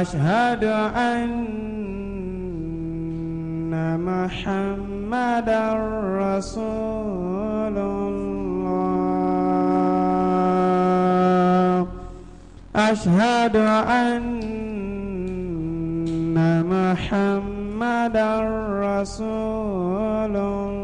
أشهد أن محمدا رسول الله أشهد أن محمدا رسول الله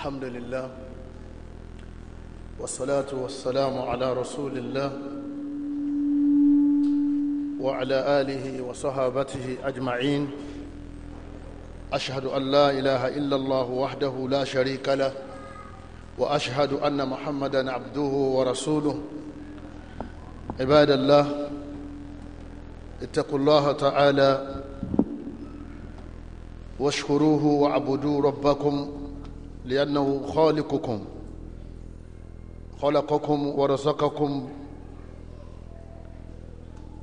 الحمد لله والصلاة والسلام على رسول الله وعلى آله وصحبه أجمعين أشهد أن لا إله إلا الله وحده لا شريك له وأشهد أن محمدا عبده ورسوله عباد الله اتقوا الله تعالى واشكروه واعبدوا ربكم لأنه خالقكم خلقكم ورزقكم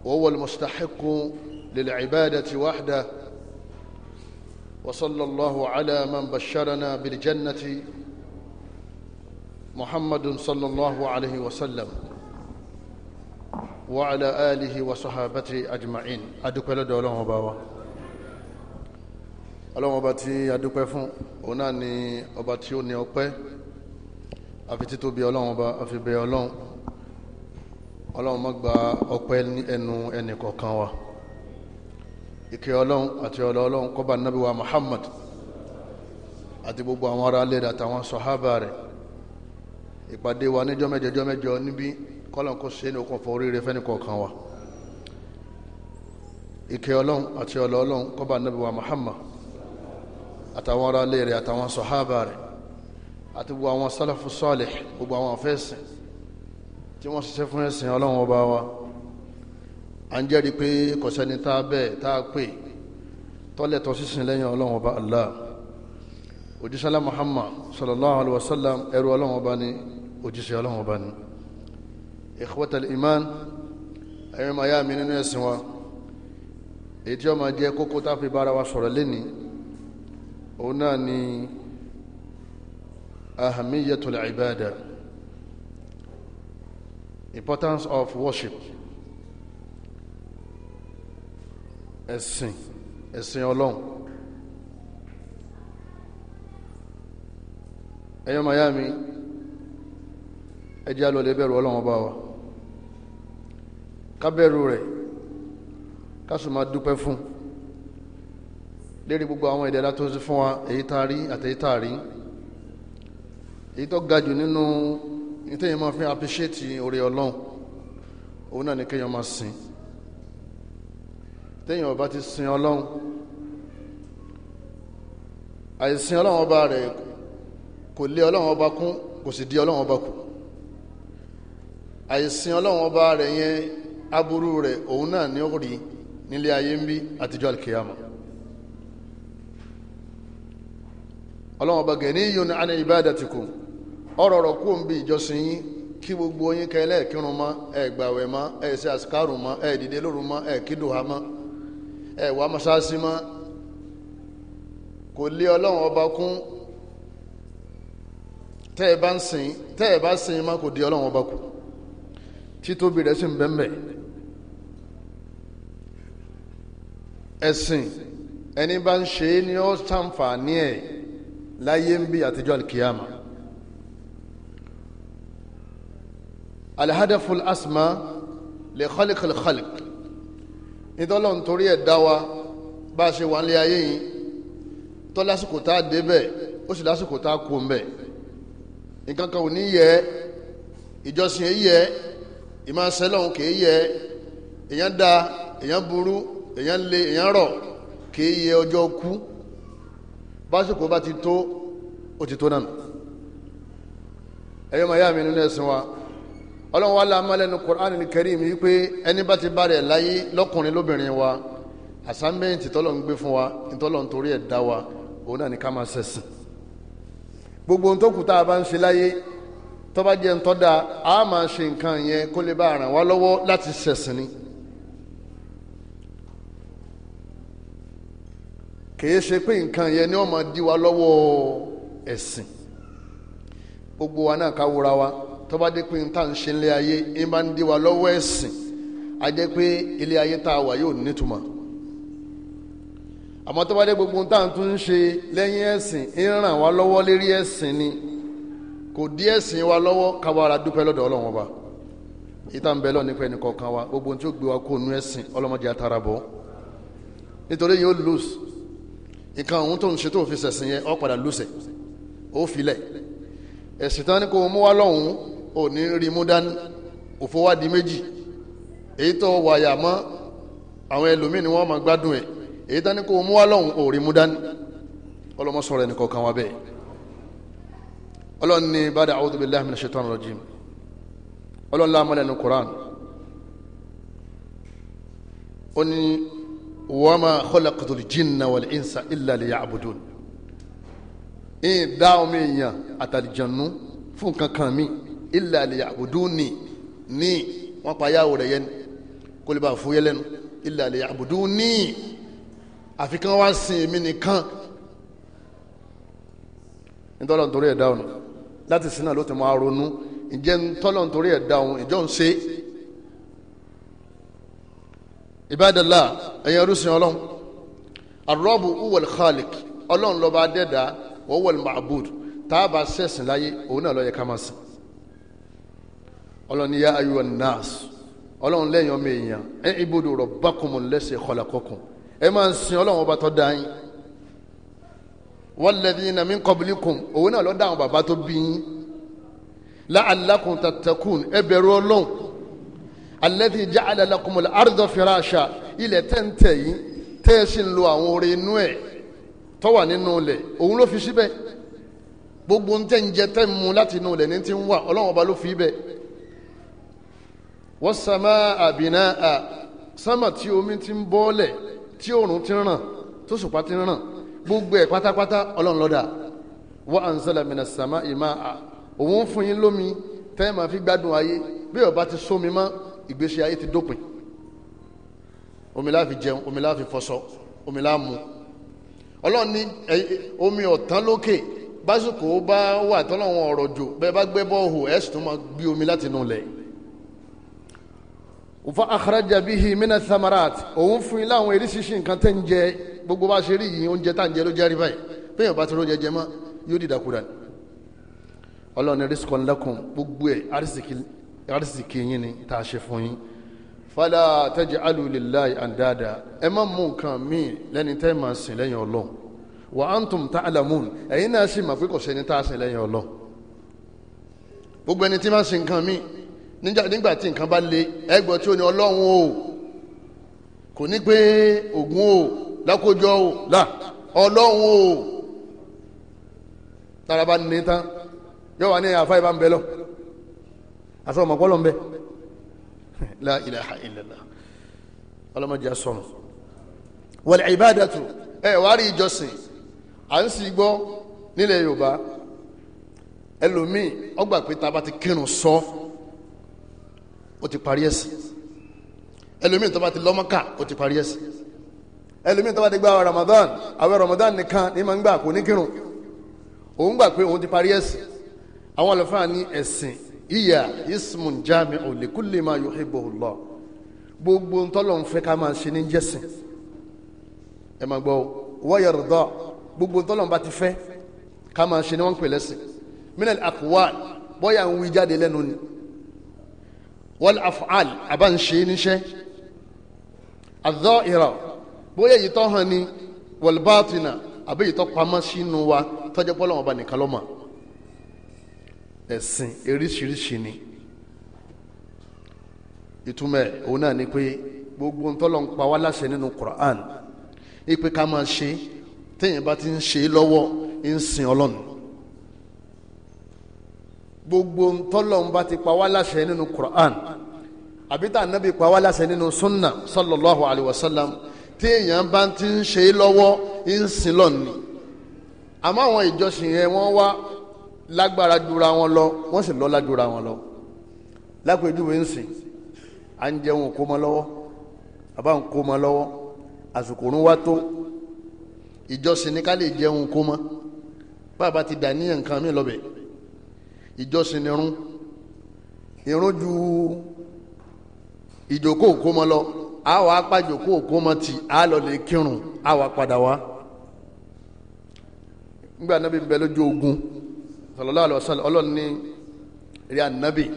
وهو المستحق للعبادة وحده وصلى الله على من بشرنا بالجنة محمد صلى الله عليه وسلم وعلى آله وصحابته أجمعين أدوك لدى الله وباوة الله وباتي أدوك فون òun náà ni ọba tí ó ní ọpẹ́ àfi títóbi ọlọ́run ọba àfi bẹ ọlọ́run ọlọ́run má gba ọpẹ́ ní ẹnu ẹnì kọ̀ọ̀kan wa ìkẹ́ ọlọ́run àti ọlọ́ ọlọ́run kó bá wa Muhammad àti gbogbo àwọn ará ilé rẹ̀ àtàwọn sọ̀hábà rẹ̀ ìpàdé wa níjọ́ mẹ́jọ jọ́ mẹ́jọ níbí kọ́lọ̀ kó ṣe ní okùnfọ̀ oríire fẹ́ni kọ̀ọ̀kan wa ìkẹ́ ọlọ́run àti ọlọ́ ọlọ́run kó bá wa Muhammad àtàwọn ará ilé rẹ̀ àtàwọn sọ̀hábà rẹ̀ àti gbogbo àwọn sálàfù sọ́ọ̀lẹ̀ gbogbo àwọn afẹ́sìn tí wọ́n ṣiṣẹ́ fún ẹ̀sìn ọlọ́run ọba wa à ń jẹ́rìí pé kò sẹ́ni tá a bẹ́ẹ̀ tá a pè tọ́lẹ̀ sísìn lẹ́yìn ọlọ́run ọba Allah òjísàlá Muhammad sallallahu alayhi wa sallam ẹrú ọlọ́run ọba ni òjíṣẹ́ ọlọ́run ọba ni ikhwatal iman ẹ̀yin mi nínú ẹ̀sìn wa èyí tí ó máa jẹ́ kókó tá a fi bára wa sọ̀rọ̀ lénìí òun náà ni ahamiyatul ibada importance of worship ẹ̀sìn ẹ̀sìn ọlọ́run ẹ̀yọ́ miami ẹjẹ́ alọ́lẹ̀ bẹ̀rù ọlọ́run ọba wa ká bẹ̀rù rẹ̀ ká sì máa dúpẹ́ fún un lérí gbogbo àwọn ìdẹ̀ra tó ṣe fún wa èyí tá a rí àtẹ̀yí tá a rí èyí tó ga jù nínú ìtẹ̀yìn máa fi appreciate oore ọlọ́run òun náà ni kéèyàn máa sìn téèyàn ọba ti sin ọlọ́run àìsìn ọlọ́run ọba rẹ̀ kò lé ọlọ́run ọba kún kò sì di ọlọ́run ọba kù àìsìn ọlọ́run ọba rẹ̀ yẹn aburú rẹ̀ òun náà ni ó rí nílé ayé ń bí àtijọ́ àlùkìyàmọ́ ọlọ́run ọba gẹ̀ ní yun an ibadatikum ọ̀rọ̀ ọ̀rọ̀ kú òǹbí ìjọsìn yín kí gbogbo yín kẹ́ lẹ́ẹ̀kírun mọ́ ẹ gbàwẹ̀ mọ́ ẹ ṣe àṣìkárù mọ́ ẹ̀ dìde lóru mọ́ ẹ̀ kídùhà mọ́ ẹ̀ wà mọ́ṣáṣí mọ́ kò lé ọlọ́run ọba kún tẹ́ ẹ bá di ọlọ́run ẹni bá ń ṣe é láyé ń bí àtijọ́ alkiyama alhadaful asma lè khalikal khalik nítọ́lọ́ nítorí ẹ̀ dá wa bá a ṣe wà nílé ayé yìí tọ́ lásìkò tá a débẹ̀ ó sì lásìkò tá a kú mbẹ̀ nǹkan kan ò ní yẹ ìjọsìn èyí yẹ ìmọ̀ kì í yẹ èèyàn da èèyàn burú èèyàn le èèyàn rọ̀ kì í yẹ ọjọ́ kú básìkò bá ti tó ó ti tó nánu ẹ̀yọ́ màá mi nínú ẹ̀sìn wa ọlọ́run wa la máa lẹ́nu Qur'an Karim yìí ẹni bá ti bá rẹ̀ láyé lọ́kùnrin lóbìnrin wa àsámbẹ́ǹtì tọ́lọ̀ ń gbé fún wa ìtọ́lọ̀ ń torí ẹ̀ dá wa òun náà ni ká máa ṣẹ̀sìn gbogbo ohun tó kù tá a bá ń ṣe láyé tó bá jẹ́ ń tọ́ da a máa ṣe nǹkan yẹn kó lè bá ràn wá lọ́wọ́ láti ṣẹ̀sìn ni. kìí ṣe pé nǹkan yẹn ni wọ́n máa dí wa lọ́wọ́ ẹ̀sìn gbogbo wa náà ká wúra wa tó bá dé pé n tá à ń ṣe ilé ayé ń bá ń dí wa lọ́wọ́ ẹ̀sìn á jẹ́ pé ilé ayé tá a wà yóò nítumọ̀ àmọ́ tó bá dé gbogbo tá à tún ṣe lẹ́yìn ẹ̀sìn ń ràn wá lọ́wọ́ lérí ẹ̀sìn ni kò dí ẹ̀sìn wa lọ́wọ́ káwára dúpẹ́ lọ́dọ̀ ọlọ́run ọba ìta ń bẹ lọ nípa ẹnì kọ̀ọ̀kan wa gbogbo tí ó gbé wa kó nu ẹ̀sìn ọlọ́mọdé atara bọ̀ nítorí yóò lose nǹkan òun tó ń ṣe tó fi ṣẹ̀sìn yẹn ọ padà lùsẹ̀ ó filẹ̀ ẹ̀sìn tán ni kò mú wá lọ́hùn-ún ò ní rí mú dání òfò wá di méjì èyí tó wàyà mọ́ àwọn ẹlòmíì ni wọ́n máa gbádùn ẹ̀ èyí tán ni kò mú wá lọ́hùn-ún ò rí mú dání ọlọ́mọ sọ̀rọ̀ ẹnì kọ̀ọ̀kan wa bẹ́ẹ̀ ọlọ́run bàdà a'udhu billahi minash shaitani rajim ọlọ́run láàmúlẹ̀ ní ó ní wama khalaqtul jinna wal insa illa liya'budun in dáhùn mi yàn àtàlìjànú fún kankan mi illa liya'buduni ní wọn pa yàwó rẹ yẹn kó lè bá fún yẹn lẹ́nu illa liya'buduni àfi kí wọn wá sin mi nìkan nítorí nítorí ẹ̀ dáhùn láti sinna ló ti máa ronú ìjẹ́ nítorí nítorí ẹ̀ dáhùn ìjọ ń ṣe é ìbádàlá ẹ̀yẹ rúṣin ọlọ́run arọ́bù uwal khalik ọlọ́run lọ́ba dẹ́dà wọ́wọ́l ma'bud tá a bá sẹ̀sìn láyé òun náà lọ́yẹ ká máa sìn ọlọ́run ya ayuwa nas ọlọ́run lẹ́yìn ọmọ èèyàn ẹ ibùdó rabbakumul lẹ́sì khalaqakum ẹ máa ń sin ọlọ́run ọba tó dáa yín walladhina min qablikum òun náà lọ́ dáhùn bàbá tó bí yín la'allakum tattaqun ẹ bẹ̀rù ọlọ́run alladhi ja'ala lakumul arda firasha ilẹ̀ tẹ́ǹtẹ̀ yìí tẹ́ ẹ sì ń lo àwọn oore inú ẹ̀ tó wà nínú ilẹ̀ òun ló fi síbẹ̀ gbogbo ń tẹ́ ń jẹ tẹ́ ń mu láti inú ilẹ̀ ní ti ń wà ọlọ́run ọba ló fi bẹ̀ was samaa binaa sámà tí omi ti ń bọ́ọ̀lẹ̀ tí òòrùn ti ń ràn tó sùpá ti ń ràn gbogbo ẹ̀ pátápátá ọlọ́run ló dá wa anzala minas samaa'i maa òun fún yín lómi tẹ́ máa fi gbádùn ayé bí ọba ti sómi mọ́ ìgbésí ayé ti dópin omi láàfi jẹun omi láàfi fọṣọ omi láàmú ọlọ́run ní omi ọ̀tán lókè básìkò bá wà tọ́lọ́wọ́n ọ̀rọ̀ jò bẹ́ẹ̀ bá gbẹ́ bọ́ọ̀hù ẹ̀ sì tún máa gbé omi láti inú ilẹ̀ òfa akhraja bihi mina samarat òun fún yín láwọn eréṣiṣi nǹkan tẹ́ ń jẹ gbogbo bá ṣe rí yìí oúnjẹ tá ń jẹ ló jẹ́ rí báyìí bẹ́ẹ̀ bá ti rọ́ jẹjẹ mọ́ yóò dìdàkudà ọlọ́run rizqan lakum gbogbo ẹ̀ arísìkì arísìkì yín ni tá a ṣe fún yín fala taj'alu lillahi andada ẹ má mú nǹkan míì lẹ́ni tẹ́ máa sìn lẹ́yìn ọlọ́run wa antum ta'lamun ẹ̀yin náà sì mà pé kò sẹ́ni tá a sìn lẹ́yìn ọlọ́run gbogbo ẹni tí máa sìn nǹkan míì nígbà tí nǹkan bá le ẹgbọ́ tí ó ní ọlọ́run o kò ní pé ògùn o lákòjọ o là ọlọ́run o tára bá ní wà ní àfa ìbá bẹ lọ aṣọ ọmọ pọ́lọ́ mbẹ́ la ilaha illallah ọlọ́mọdé asọ́nù wal ibadatu ẹ wàá rí ìjọsìn à ń sì gbọ́ nílẹ̀ yorùbá ẹlòmíì ọgbà pé tá a bá ti kírun sọ ó ti parí ẹ̀sìn ẹlòmíì tó bá ti lọ́mọ́kà ó ti parí ẹ̀sìn ẹlòmíì tó bá ti gba Ramadan àwẹ̀ Ramadan nìkan ní ma ń gbà kó ní kírun òun gbà pé òun ti parí ẹ̀sìn àwọn àlùfáà ní ẹ̀sìn ìyà ismun jami'u li kulli ma yuhibbuhu Allah gbogbo ntọ́lọ̀ ń fẹ́ ká máa ṣe ní jẹ́sìn ẹ máa gbọ́ wa yarda gbogbo ntọ́lọ̀ ń bá ti fẹ́ ká máa ṣe ní wọ́n ń pè lẹ́sìn minal aqwal ń wí jáde lẹ́nu ni wal af'al àbá ń ṣe níṣẹ́ adh-dha'ira bóyá èyí hàn ní wal batina àbí èyí tó pamọ́ sínú wa tọ́jú pọ́lọ́wọ́n nìkan lọ́mọ́ ẹ̀sìn eríṣiríṣi ni ìtumọ̀ òun náà ni pé gbogbo ntọ́lọ̀ ń pa wá láṣẹ nínú Quran ipe ká máa ṣe téèyàn bá ti ń ṣe é lọ́wọ́ ń sin Ọlọ́run gbogbo ntọ́lọ̀ ń bá ti pa wá láṣẹ nínú Quran àbí tá ànábì pa wá láṣẹ nínú sunna sallallahu alayhi wa sallam téèyàn bá ti ń ṣe é lọ́wọ́ ń sin lọ́ọ̀ni àmọ́ àwọn ìjọsìn yẹn wọ́n wá lágbára jura wọn lọ wọ́n sì lọ́lá jura wọn lọ lápèjúwe ń sìn à ń jẹun kó mọ lọ́wọ́ àbá ń kó mọ lọ́wọ́ àsìkò òun wá tó ìjọsìn ni ká lè jẹun kó mọ bàbá ti dà níyàn nǹkan mi lọ́bẹ̀ ìjọsìn ni irun irun ju ìjókòó kó mọ lọ àwọn apájòkó kó mọ tì á lọ lè kírun àwọn padà wá nígbà náà bí n bẹ lójú ogun sallallahu alaihi wasallam ọlọ́run ní rí ànábì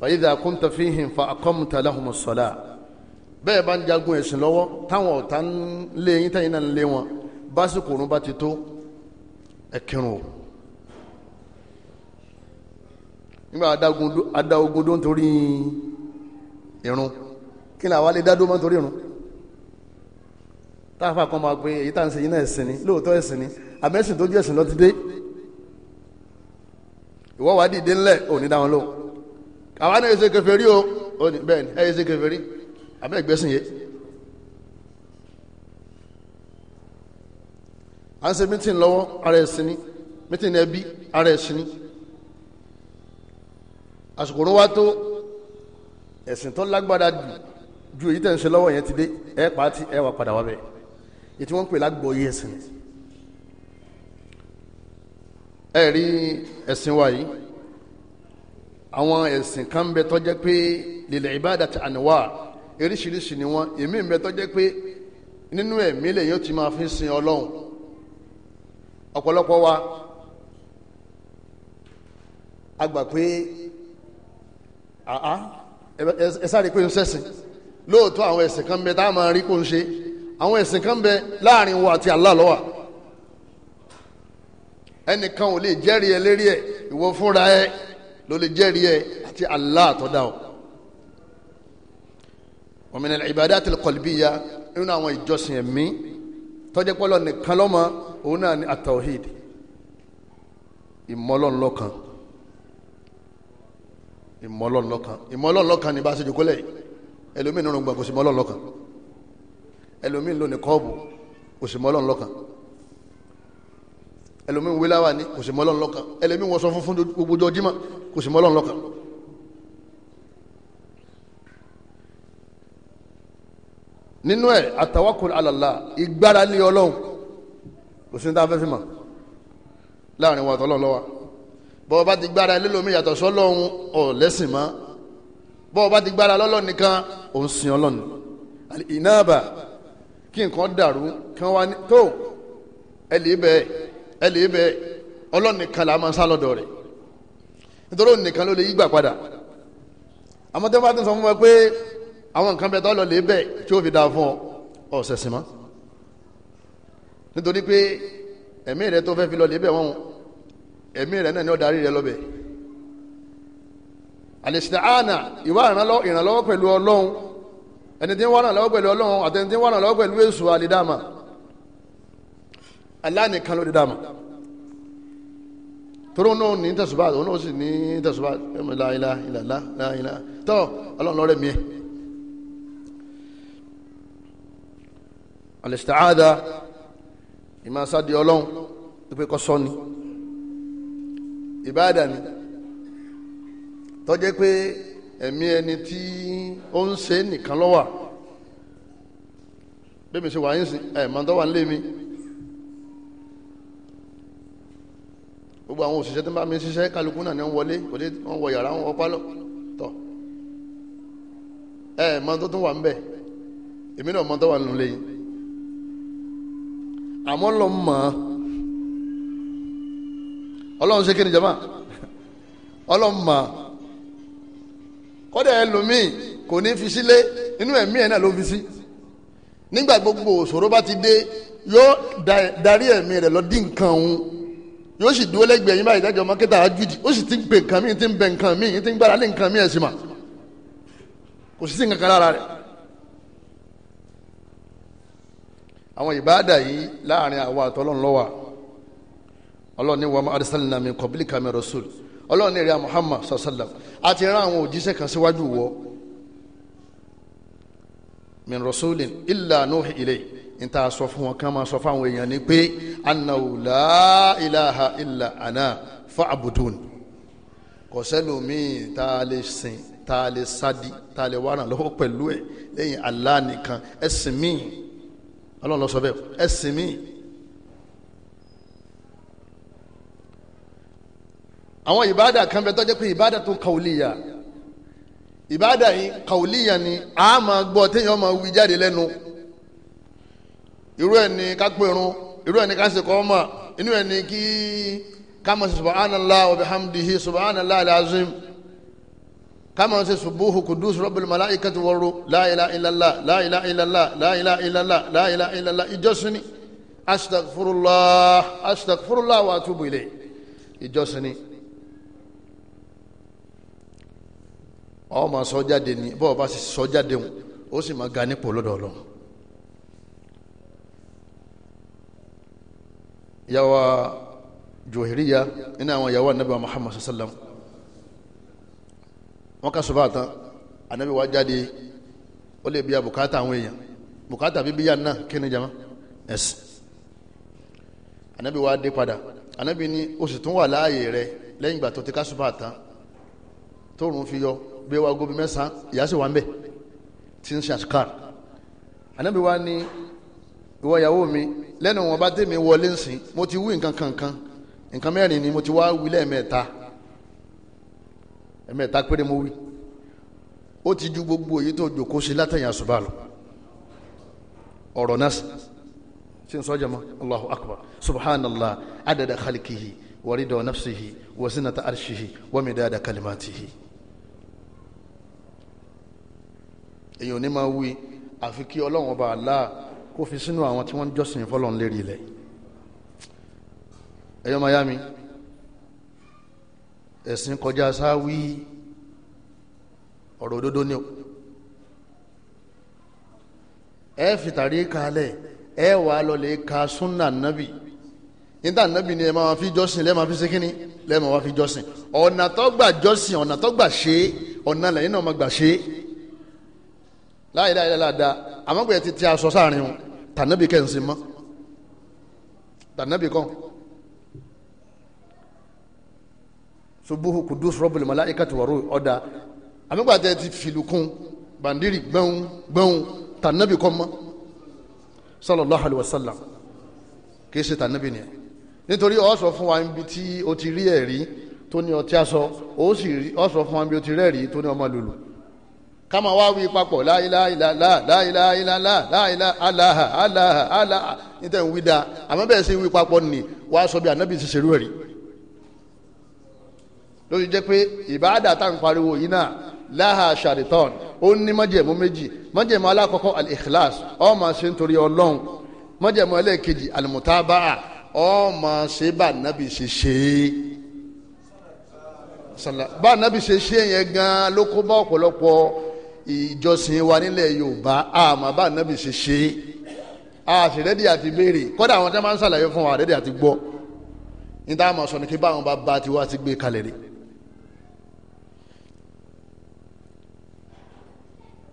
wa idha kunta fihim fa aqamta lahumus salah bẹ́ẹ̀ bá ń jagun ẹ̀sìn lọ́wọ́ táwọn ọ̀tá ń lé yín tẹ̀yìn náà ń lé wọn básìkò òrùn bá ti tó ẹ o nígbà adá ogun dó nítorí irun kí ni àwa lè dá dó mọ́ nítorí irun táàfà kan máa pe èyí tá à ń ṣe yín náà ẹ̀sìn ni lóòótọ́ ẹ̀sìn ni àmẹ́sìn tó jẹ́ ẹ̀sìn lọ́ti dé ìwọ wàá dìde ńlẹ̀ òní dá lóhùn àwa náà ẹsẹ kèfèrí o òní bẹ́ẹ̀ ni ẹsẹ kèfèrí abẹ ìgbésìn yé à ń ṣe mítìn lọ́wọ́ ara ẹ̀sìn ni mítìn ẹbí ara ẹ̀sìn ni àsìkò ló wá tó ẹ̀sìn tó lágbára jù ju èyí tẹ̀ ń ṣe lọ́wọ́ yẹn ti dé ẹ̀ pàtì ẹ̀ wà padà wá bẹ̀ ètí wọ́n ń pè lágbóyè ẹ̀sìn ẹ rí ẹ̀sìn wa yìí àwọn ẹ̀sìn kan bẹ tó jẹ́ pé lil ibadati anwa eríṣiríṣi ni wọ́n èmi ń bẹ tó jẹ́ pé nínú ẹ̀mí lèyìn ó ti máa fi sin ọlọ́run ọ̀pọ̀lọpọ̀ wa a gbà pé àá ẹ sáré pé ń sẹ́sìn lóòótọ́ àwọn ẹ̀sìn kan bẹ tá a máa rí kó ń ṣe àwọn ẹ̀sìn kan bẹ láàrin wa àti Allah ẹnìkan ò lè jẹ́rìí ẹ lérí ẹ ìwọ fúnra ẹ ló lè jẹ́rìí ẹ àti Allah tó dá ọ. wa min al-ibadat al-qalbiyya nínú àwọn ìjọsìn ẹ̀mí tọ́jú pọ́lọ́ nìkan lọ́mọ òun náà ni at-tawhid ìmọ̀lọ́nlọ́kan ìmọ̀lọ́nlọ́kan ìmọ̀lọ́nlọ́kan ni bá a ṣe jòkó lẹ́yìn ẹlòmíì nínú gbàgbọ́sí mọ́lọ́nlọ́kan ẹlòmíì lónìí kọ́ọ̀bù òsì mọ́lọ́nlọ́kan ẹlòmíín wí láwà ní kò sí mọ́ Ọlọ́run lọ́kàn ẹlòmíín wọ́n sọ fún fún gbogbo ọjọ́ Jímọ̀ kò sí mọ́ Ọlọ́run lọ́kàn. nínú ẹ̀ àtàwákùn alàlá ìgbára lé Ọlọ́run kò sí ní tá a fẹ́ fi mọ̀ láàrin wa tọ́lọ́ lọ́wọ́ bọ́ọ̀ bá ti gbára lé lómi yàtọ̀ sọ́lọ́run ọ̀ mọ́ bọ́ọ̀ bá ti gbára lọ́lọ́ nìkan ò ń sin Ọlọ́run ìnáàbà kí nǹkan dàrú kí wọ́n wá ní tó ẹ lè bẹ́ẹ̀ ẹ lè bẹ ọlọ́run nìkan là á máa sá lọ́dọ̀ rẹ̀ nítorí òun nìkan ló lè yígbà padà àmọ́ tí wọ́n bá ti sọ fún wa pé àwọn nǹkan bẹ́ẹ̀ tó lọ lè bẹ̀ tí ó fi dáa fún ọ ọ̀sẹ̀ sí ma nítorí pé ẹ̀mí rẹ tó fẹ́ fi lọ lè bẹ̀ wọ́n ẹ̀mí rẹ náà ni ó darí rẹ lọ́bẹ̀ àlèsìdáàna ìwà ìrànlọ́wọ́ pẹ̀lú ọlọ́run ẹni tí ń wà Allah nìkan ló lè dá mọ̀ toro náà ní tẹ̀sùbá òun náà sì ní tẹ̀sùbá ẹ̀mọ láìlá ìlàlá láìlá tọ́ ọlọ́run lọ́rẹ̀ mi ẹ̀. al-isti'adha ìmọ̀ sáde olon tó pé kọ́ sọ ni ìbáàdà ni tọ́jẹ́ pé ẹ̀mí ẹni tí ó ń ṣe nìkan lọ́wà bẹ́ẹ̀ mi ṣe wà yín sí ẹ̀ mọ́tọ́ wà ń lé mi. gbogbo àwọn òṣìṣẹ́ tó ń bá mi ṣiṣẹ́ kálukú náà ni wọ́n wọlé kò dé wọ́n wọ yàrá wọn pálọ̀ tọ̀ ẹ mọ tó tún wà ń bẹ̀ èmi náà mọ tó wà nínú lẹ́yìn àmọ́ lọ mọ̀ ọlọ́run ṣe kéde jama ọlọ́run mọ̀ kọ́dà ẹlòmíì kò ní fi sílé inú ẹ̀mí ẹ̀ náà ló fi sí nígbà gbogbo òṣòro bá ti dé yóò darí ẹ̀mí rẹ̀ lọ dín nǹkan òun yóò sì dúró lẹ́gbẹ̀ẹ́ yín báyìí dájọ́ mọ́kẹ́tà ajújì ó sì ti ń pè nǹkan míì ti ń bẹ nǹkan míì ti ń gbára lé nǹkan míì ẹ̀sìn mà kò sí sí nǹkan kan lára rẹ̀. àwọn ìbáàdà yìí láàrin àwa àtọ́lọ́n lọ́wà ọlọ́ọ̀ni wa ma arsalna min qablika min rasul ọlọ́ọ̀ni rẹ̀ Muhammad sallam a ti àwọn òjíṣẹ́ kan síwájú wọ min rasulin illa nuhi ilayhi níta sọ fún wọn kán máa sọ fáwọn èèyàn ni pé annahu la ilaha illa ana fa'budun kò sẹ́lòmíì tá a lè sìn tá a lè sádì tá a lè wá ràn lọ́wọ́ pẹ̀lú ẹ̀ lẹ́yìn Allah nìkan ẹ̀sìn míì ọlọ́run lọ sọ bẹ́ẹ̀ àwọn ìbáàdà kan bẹ tó pé ìbáàdà tó kàwlíyà ìbáàdà yìí kàwlíyà ni a máa gbọ́ téèyàn máa wí jáde lẹ́nu. No irú ẹ̀ ní ká pèrún irú ẹ̀ ní ká ṣe kọ́mà inú ẹ̀ ní kí káma ṣe subhanallah wa bihamdihi subhanallah alazim káma ṣe subuhu kudus rabbil malaikati waru la ilaha illallah la ilaha illallah la ilaha illallah la ilaha illallah ìjọsìn ni astaghfirullah astaghfirullah wa atubu ilayh ìjọsìn ni. ọ ma sọ ni bọ́ọ̀ bá sọ jáde ó sì máa ga nípò lọ́dọ̀ Ọlọ́run ìyàwó Juhayriya nínú àwọn ìyàwó anabi Muhammad sallam wọn kà sọfà tán anabi wa jáde ó lè bí abùkátà àwọn èèyàn bùkátà bíbí yà náà kí ni jama ẹsìn anabi wa dé padà anabi ni o sì tún wà láàyè rẹ lẹ́yìn ìgbà tó ti ká sọfà tán tóòrùn fi yọ bí wa gobi mẹ́sàn ìyá sì wà ń bẹ tí ń ṣe wa ni ìwọ ìyàwó mi lẹ́nu wọn bá tèmi wọlé nsìn mo ti wí nǹkan kankan nǹkan mẹ́rin ni mo ti wá wí lẹ́ẹ̀mẹ́ta ẹ̀mẹ́ta péré mo wí ó ti ju gbogbo èyí tó jókòó sí látẹ̀yìn àṣùbà lọ ọ̀rọ̀ náà sì ṣe ń sọ́jà mọ́ allahu akbar subhanallah adada khalikihi warida nafsihi wasinata arshihi wamidada kalimatihi. èyí ò ní máa wí àfi kí ọlọ́run ọba Allah kó fi sínú àwọn tí wọ́n ń jọ́sìn fọ́lọ́n lérí ilẹ̀ ẹ̀yọ́ mayami ẹ̀sìn kọjá sáwí ọ̀rọ̀ òdodo ni o ẹ fìtàrí kalẹ̀ ẹ wà lọlẹ̀ ka súnà nábì níta nábì ni ẹ máa fi jọ́sìn lẹ́ẹ̀ máa fi sékíní lẹ́ẹ̀ máa fi jọ́sìn ọ̀nà tó gbà jọ́sìn ọ̀nà tó gbà ṣe ọ̀nà lẹ́yìn náà máa gbà ṣe láyé láyé láyé dáadáa àmọ́ pé ẹ ti ti aṣọ sáàrin wọn tànàbì kẹ́hìnsì mọ́ tànàbì kan subuhu kudus rọ́bìlì malaikati wàrú ọ̀dà àmìgbà tẹ́ ti fìlùkún bàndírì gbẹ̀hún gbẹ̀hún tànàbì kan mọ́ sallallahu alayhi wa sallam kìí ṣe tànàbì nìyẹn nítorí ọ fún wa níbi tí o ti rí ẹ̀rí tó ní ọtí aṣọ o sì ọ sọ fún wa níbi o ti rí ẹ̀rí tó ní ọmọ lùlù kama wá wí papọ̀ láìláìláìlá láìláìláìlá aláha aláha aláha níta ń wí dáa àmọ́ bẹ́ẹ̀ sì wí papọ̀ nì wá sọ bí ànábì ti ṣerú ẹ̀rí lórí jẹ́ pé ìbáàdà tá à ń pariwo yìí náà láha ṣàrìtàn ó ní májẹ̀mú méjì májẹ̀mú alákọ̀ọ́kọ́ al-ikhlas ó máa ṣe nítorí ọlọ́run májẹ̀mú ẹlẹ́ẹ̀kejì al-mutabaa ó máa ṣe bá ànábì ṣe ṣe é bá ànábì ṣe ṣe gan ló kó ìjọsìn wa nílẹ̀ Yorùbá àmọ́ bá nàbì ṣe ṣe é a sì rẹ́dí àti béèrè kódà àwọn tí wọ́n máa ń ṣàlàyé fún wa rẹ́dí àti gbọ́ ní táwọn máa sọ ni kí báwọn bá bá tiwa ti gbé kalẹ̀ rí.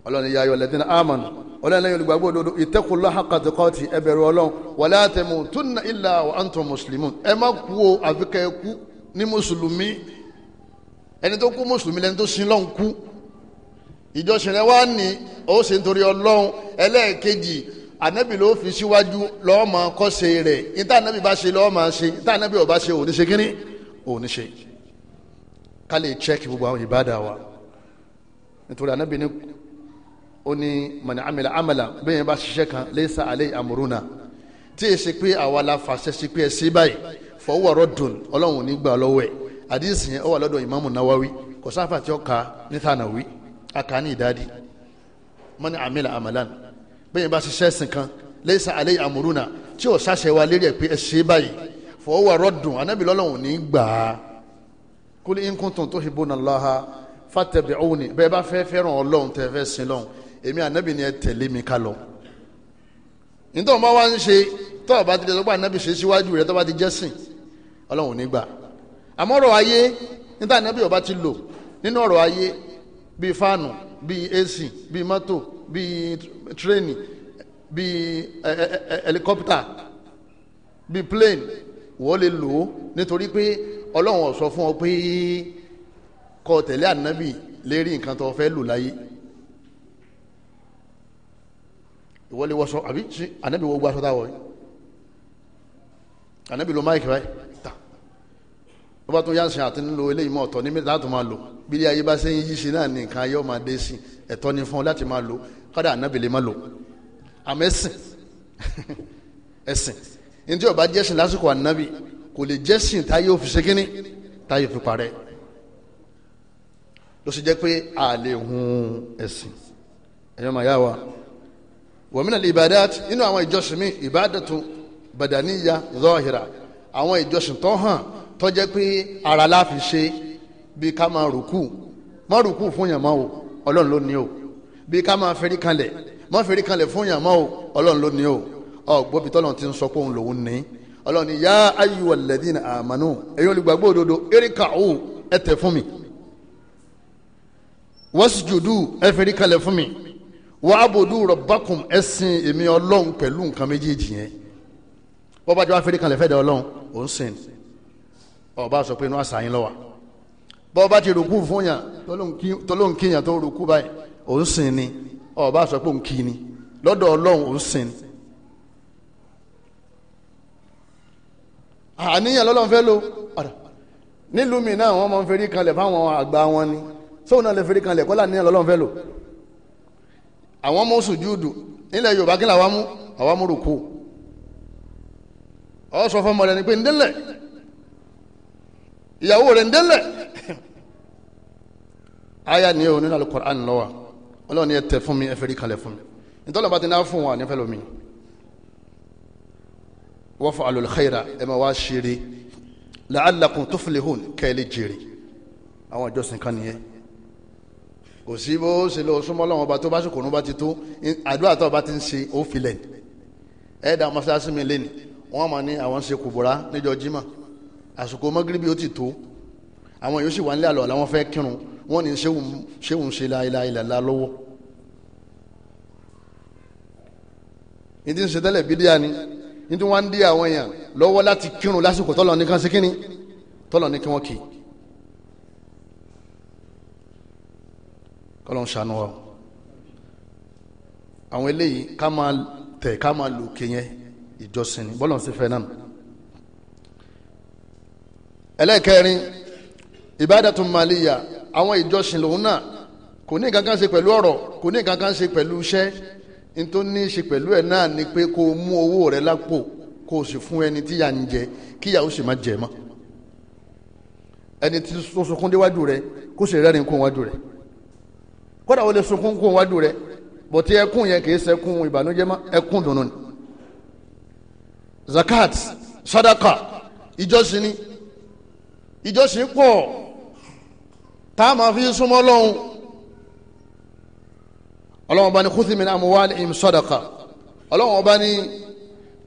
ọlọ́run ya ayọ̀ lẹ́dínà amọ̀n ọlọ́run lẹ́yìn olùgbàgbọ́ òdodo ìtẹ́kùlọ́ hakàtúkọ́tì ẹbẹ̀rù ọlọ́run wàlẹ́ àtẹ̀mù túnà ìlà àǹtọ̀ mùsùlùmí ẹ má kú o àfikẹ́ kú ní mùsùlùmí ẹni tó kú mùsùlùmí lẹni tó sin lọ́n kú ìjọsìn rẹ wá ní ó ṣe nítorí ọlọ́run ẹlẹ́ẹ̀kejì ànábì ló fi síwájú lọ́ọ̀mọ kọ́ṣe rẹ̀ níta ànábì bá ṣe lọ́ọ̀mọ ṣe níta ànábì ò bá ṣe òní ṣe kínní òní ṣe ká lè chẹ́kì gbogbo àwọn ìbáda wa nítorí ànábì ní ó ní mọ̀nà àmìlà àmàlà bẹ́ẹ̀ bá ṣiṣẹ́ kan lẹ́sà alẹ́ àmúrúnà tí è ṣe pé àwa la fàṣẹ ṣe pé ẹ ṣe báyìí fọwọ́rọ́ dùn ọlọ́run ò ní gbà lọ́wọ́ ẹ̀ àdìsìn ọ wà lọ́dọ̀ ìmáàmù Nawawi kò sáfà tí ó ka ní tànàwí akàní ìdádì mọ́ni amila amalan bẹ́ẹ̀ bá ṣiṣẹ́ sìn kan laysa alay amuruna tí ò ṣàṣẹ wa lérí ẹ̀ pé ẹ ṣe báyìí fọwọ́ rọ́dùn anábì lọ́lọ́hùn ní gbà á kul in kuntum tuhibbuna Allaha fattabi'uni bẹ́ẹ̀ bá fẹ́ fẹ́ràn ọlọ́run tẹ́ fẹ́ sin lọ́hùn èmi anábì ni ẹ tẹ̀lé mi ká lọ. nítorí wọn bá wá ń ṣe tó o ti dẹ́sọ́gbà anábì ṣe síwájú rẹ tó ti jẹ́ ọlọ́run ní gbà àmọ́ ọ̀rọ̀ ayé níta anábì ọba ti lò nínú ọ̀rọ̀ ayé bíi fáànù bíi ac bíi mọ́tò bíi tírẹ́nì bíi ẹlikọ́pítà bíi plane wọ́n lè lò ó nítorí pé ọlọ́run ó sọ fún ọ pé kó tẹ̀lé ànábì lérí nǹkan tó fẹ́ lò láyé ìwọ́lé wọ́sọ àbí ànábì wọ́n gbọ́ aṣọ táwọn yìí ànábì ló máìkì báyìí wọ́n bá tún yánsìn àti nílò eléyìí mọ́ ọ̀tọ̀ níbi láti máa lò bí ayé bá ṣe yí sí náà ní ayé ọmọ adé sí ẹ̀tọ́ ni fún ọ láti máa lò kódà ànábìlẹ̀ máa lò àmọ́ ẹ̀sìn ẹ̀sìn ní tí ó bá jẹ́sìn lásìkò ànábì kò lè jẹ́sìn táyé òfin ṣe kínní táyé òfin parẹ́ ló sì jẹ́ pé a lè hun ẹ̀sìn ẹ̀yọ́ màá yá wa wọ̀mínà ìbàdàt nínú àwọn ìjọsìn mi ìbàdàtù tó tó jẹ́ pé ara la fi ṣe bí ká máa rùkù má rùkù fún yàn mọ́ o ọlọ́run ló ní o bí ká máa fẹ́rí kanlẹ̀ má fẹ́rí kanlẹ̀ fún yàn mọ́ o ọlọ́run ló ní o ọgbọ́bi tọ́lọ́run ti ń sọ pé òun lòún ní ọlọ́run yá ayyuhal ladhina amanu ẹ̀yin olùgbàgbọ́ òdodo erika o ẹ tẹ̀ fún mi wasjudu ẹ fẹ́rí kanlẹ̀ fún mi wa'budu rabbakum ẹ sin èmi ọlọ́run pẹ̀lú nǹkan méjèèjì yẹn bọ́bá jọ wá fẹ́rí kanlẹ̀ fẹ́ dẹ ọlọ́run òun sìn ní ọba sọ pé inú àṣàyàn lọ́wọ́ bọ́ọ̀bá ti rùkú fún yàn tọ́lọ́hún kíyàn tó rùkú báyìí òun sìn ni ọba sọ pé òun kì í ni lọ́dọ̀ ọlọ́run òun sìn ni. àníyàn lọ́lọ́run fẹ́ lo nílùú mi náà wọ́n máa ń ferí kanlẹ̀ fáwọn àgbà wọn ni sóun náà lè ferí kanlẹ̀ kọ́lá níyàn lọ́lọ́run fẹ́ lò àwọn ọmọ sùjúdù nílẹ̀ yorùbá kí làwọn mú àwọn mú rùkú ọ sọ fún ọmọ rẹ ni pé ń délẹ̀ ìyàwó rẹ̀ ń délẹ̀ aya ni o nínú alukoran lọ́wọ́ ọlọ́run ni ẹ tẹ fún mi ẹ fẹ́ rí kalẹ̀ fún mi nítorí bá ti náà fún wa ní fẹ́lẹ́ mi wọ́n fọ alul khaira ẹ máa wá ṣeré la'allakum tuflihun kẹ́lẹ́ jèrè àwọn ìjọsìn kan nìyẹn kò sí bó ṣe lọ súnmọ́ lọ́wọ́ ọba tó bá ṣe bá ti tó àdúrà tó ọba ti ń ṣe ó filẹ̀ ẹ̀ẹ́dà mọ́ṣáláṣí mi lé ní wọ́n máa ní àwọn ṣe kùbùrá níjọ́ jimá àsìkò mọ́gíríbì ó ti tó àwọn yóò sì wà nílẹ̀ àlọ́ làwọn fẹ́ kírun wọ́n ní ṣéwùn ṣe láìláìlá lọ́wọ́ ní ti ń ṣe ni ní ti wá ń dí àwọn èèyàn lọ́wọ́ láti kírun lásìkò tọ́lọ̀ nìkan sí kínní tọ́lọ̀ ní kí wọ́n kì í kọ́lọ́n ṣàánú wa àwọn eléyìí ká máa tẹ̀ ká máa lò kéyẹn ìjọsìn ni bọ́lọ̀ sí fẹ́ náà ẹlẹ́ẹ̀kẹrin ìbádàtún màlíyà àwọn ìjọsìn lòun náà kò ní nǹkan kan ṣe pẹ̀lú ọ̀rọ̀ kò ní nǹkan kan ṣe pẹ̀lú iṣẹ́ n tó ní í ṣe pẹ̀lú ẹ̀ náà ni pé kó o mú owó rẹ lápò kó o sì fún ẹni tí yà ń jẹ kí yà ó sì má jẹ mọ́ ẹni tí tó sunkún déwájú rẹ kó sì rẹ́rìn kún wájú rẹ kódà ó lè sunkún kún wájú rẹ bọ̀tí ẹkún yẹn kì í ṣẹkún ìbànújẹ́ mọ́ ẹkún dùnú ni zakat sadaka ìjọsìn ni ìjọsìn pọ̀ tá a máa fi súnmọ́ lọ́hùn ọlọ́wọ́n bá ní khuthi min amwalihim sadaqa ọlọ́wọ́n bá ní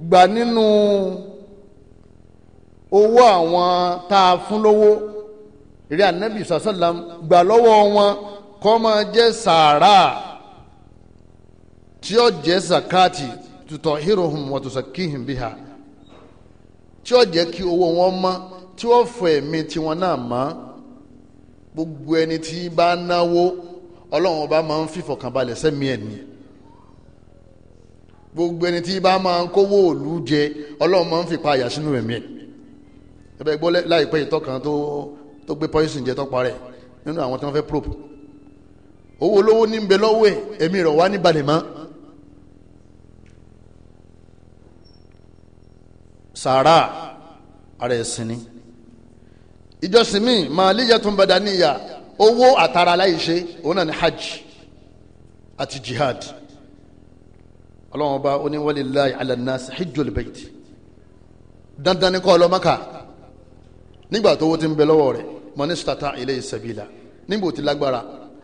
gbà nínú owó àwọn tá a fún lówó eré anabi sàṣàlám gbà lọ́wọ́ wọn kó máa jẹ́ sàárà tí ó jẹ́ zakati tutahhiruhum wa tusakkihim biha tí ó jẹ́ kí owó wọn mọ́ tí wọ́n fọ ẹ̀mí tiwọn náà mọ́ gbogbo ẹni tí bá náwó ọlọ́run ọba máa ń fìfọ̀kànbalẹ̀ sẹ́mi ẹ̀ nìyẹn gbogbo ẹni tí bá máa ń kówó òlu jẹ ọlọ́run máa ń fìpa àyà sínú ẹ̀mí ẹ̀ ẹ̀bẹ̀ gbọ́ láìpẹ́ ìtọ́kàn tó tó gbé poison jẹ tọ́pa rẹ̀ nínú àwọn tí wọ́n fẹ́ probe owó olówó ní ń bẹ lọ́wọ́ ẹ̀ ẹ̀mí rẹ̀ wá ní mọ́ sàárà ara sinmi ìjọsìn míì màlíyatun badaniya owó àtàrà láì ṣe òun náà ni hajj àti jihad ọlọ́run ọba ó ní walillahi ala nasi hijjul bait dandan ni kó lọ Mákà nígbà tó owó ti ń bẹ lọ́wọ́ rẹ̀ man istata ilayhi sabila nígbà ó ti lágbára